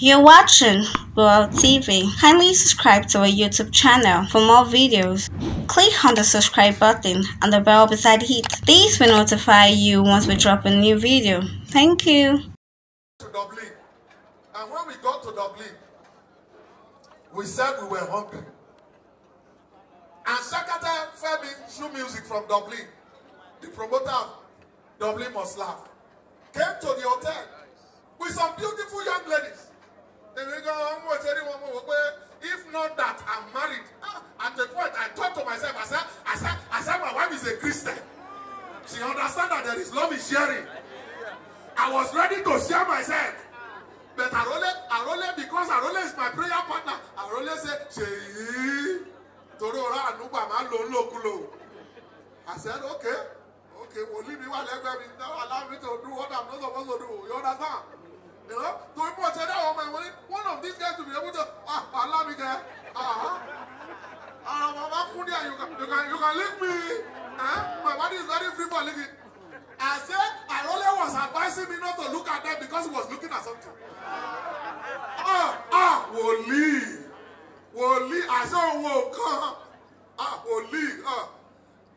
You're watching World TV. Kindly subscribe to our YouTube channel for more videos. Click on the subscribe button and the bell beside it. This will notify you once we drop a new video. Thank you. To Dublin. And when we got to Dublin, we said we were hungry. And Shakata Femi Shoe Music from Dublin, the promoter of Dublin Must Laugh, came to the hotel with some beautiful young ladies. èmi gan wọn mú òṣèré wọn mú wò if not that i'm married ah, at a point i talk to myself I said, I said, I said my wife is a christian she understand that there is love in sharing i was ready to share myself but arole arole because arole is my prayer partner arole said, ṣèyí torí ọ̀rọ̀ ànúgbà máa i said okay okay we'll leave wà lẹ́gbẹ̀ẹ́ mi now allow me to do what i'm not supposed to do you understand. You know? To be poor, that one my money. One of these guys to be able to ah, allow me there. Ah, ah, Mama you can, you can, you can lick me. Huh? My body is very free for licking. I said, I only was advising me not to look at them because he was looking at something. Ah, ah, wòlíì, I said, òwò oh, come. ah, wòlíì, ah.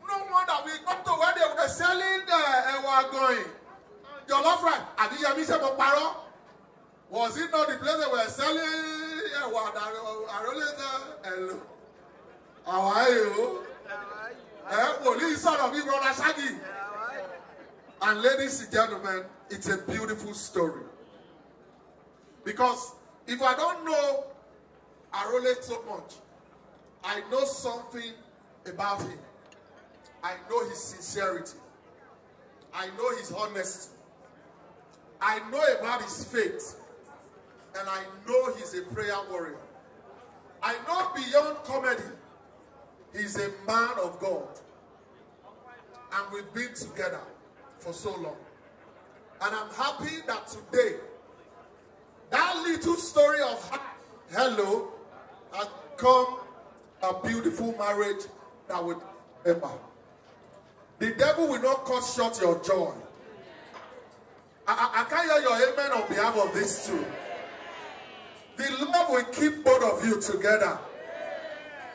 No wonder we come to where they were selling the eh, ẹ̀wà àgọ̀yìn, jollof rice, àbí yẹmi ṣe mo parọ́. Was it not the place they were selling? Hello. How are you? Eh, son of bí Brother Shaggy. And ladies and gentlemen, it's a beautiful story. Because if I don't know Arole so much, I know something about him. I know his sincerity. I know his honesty. I know about his faith and I know he's a prayer warrior. I know beyond comedy, he's a man of God. And we've been together for so long. And I'm happy that today, that little story of hello has come a beautiful marriage that would ever. The devil will not cut short your joy. I, I, I can't hear your amen on behalf of these two. The Lord will keep both of you together.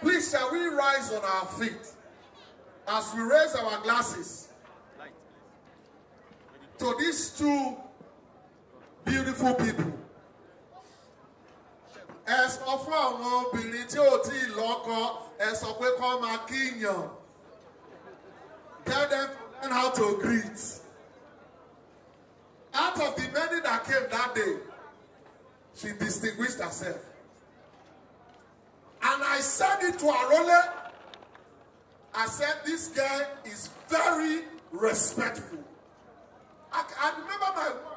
Please, shall we rise on our feet as we raise our glasses to these two beautiful people. Ẹ̀sọ́ fún àwọn obìnrin tí ò tí ì lọ́kọ, ẹ̀sọ́ pé Tell them how to greet. Out of the many that came that day, She distinguished herself. And I said it to Arole. I said, this guy is very respectful. I, I remember my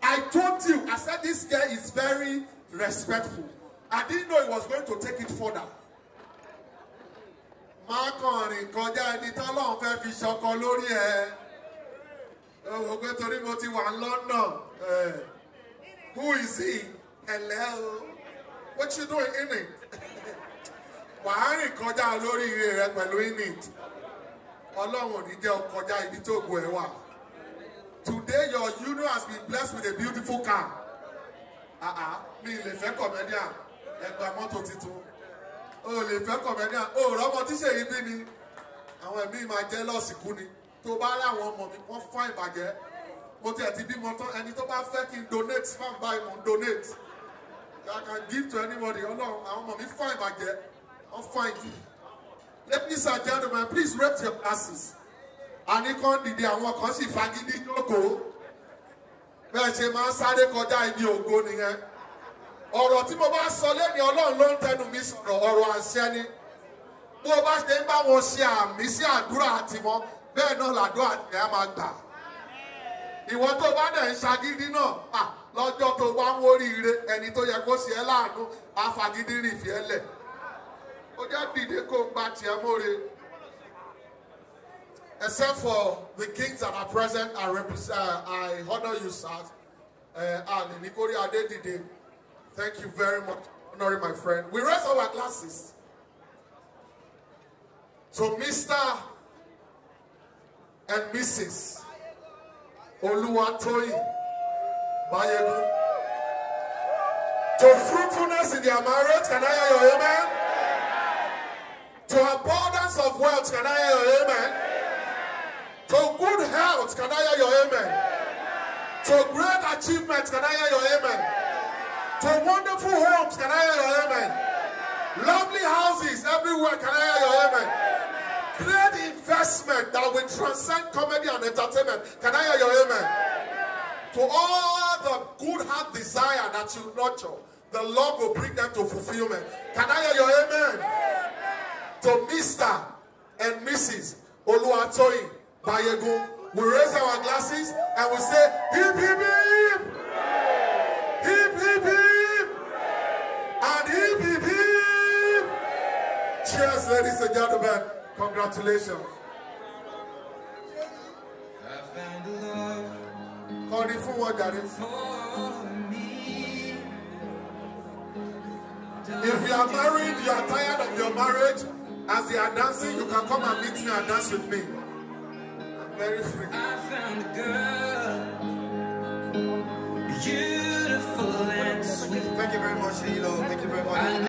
I told you, I said, this guy is very respectful. I didn't know he was going to take it further. Má kàn rìn kọjá ẹni tọ́lọ́run fẹ́ fi ṣọkọ lórí ẹ. Ẹ wò pé torí mo ti wà ní London. Who is he? Hello. What you doing in it? Wàá rìn kọjá lórí ire rẹ pẹ̀lú in it. Ọlọ́run ò ní jẹ́ ọ kọjá ibi tó gùn ẹ wà. Today your union has been blessed with a beautiful car. Mi lè fẹ́ comedian ẹgbà mọ́tò titun. O lè fẹ́ comedian o rọ́mọ tí ṣèyí bí ni. Àwọn ẹ̀mí máa jẹ́ lọ́ọ̀sì kú ni. Tó bá láwọn ọmọ mi, wọ́n fún àìbàjẹ́. Mo tiẹ̀ ti bímọ tán ẹni tó bá fẹ́ kí n donate, máa ń báyìí donate. I can give to anybody. Ọlọ́run àwọn ọmọ mi fine bàjẹ́ I'm fine Let me and gentlemen, please wrap your classes. I need dìde àwọn kan sì fagídí jókòó. Bẹ́ẹ̀ ṣe máa ń sáré kọjá ibi ògo nìyẹn. Ọ̀rọ̀ tí mo bá sọ lẹ́nu Ọlọ́run ló ń tẹnu mi sọ̀rọ̀ ọ̀rọ̀ àṣẹ ni. Bí o bá ṣe ń bá wọn ṣe àmì sí àdúrà àtìmọ́, bẹ́ẹ̀ náà làdúrà àtìmọ́ máa gbà. Ìwọ tó bá dẹ̀ ń ṣagídí náà, lọ́jọ́ tó bá ń wóríire ẹni tó yẹ kó ṣe ẹ́ láàánú afagídírì fi lẹ̀ ó jẹ́ dìde kó gba tiẹ̀ mọ́re. Except for the kings that are present, I represent, uh, I honor you, sir. and Uh, and Nikori Adedide, thank you very much, honoring my friend. We raise our glasses. to Mr. and Mrs. Oluwatoyin. To fruitfulness in their marriage, can I hear your amen? To abundance of wealth, can I hear your amen? To good health, can I hear your amen? To great achievements, can I hear your amen? To wonderful homes, can I hear your amen? Lovely houses everywhere, can I hear your amen? Great investment that will transcend comedy and entertainment, can I hear your amen? To all the good heart desire that you nurture, the Lord will bring them to fulfillment. Can I hear your amen? amen. To Mr. and Mrs. Oluwatoyin Bayegun, we raise our glasses and we say, hip, hip, hip! Hip, hip, hip! And hip, hip, hip! Cheers, ladies and gentlemen. Congratulations. If you are married, you are tired of your marriage, as you are dancing, you can come and meet me and dance with me. I'm very free. I found a girl, beautiful and sweet. Thank you very much, Lilo. Thank you very much.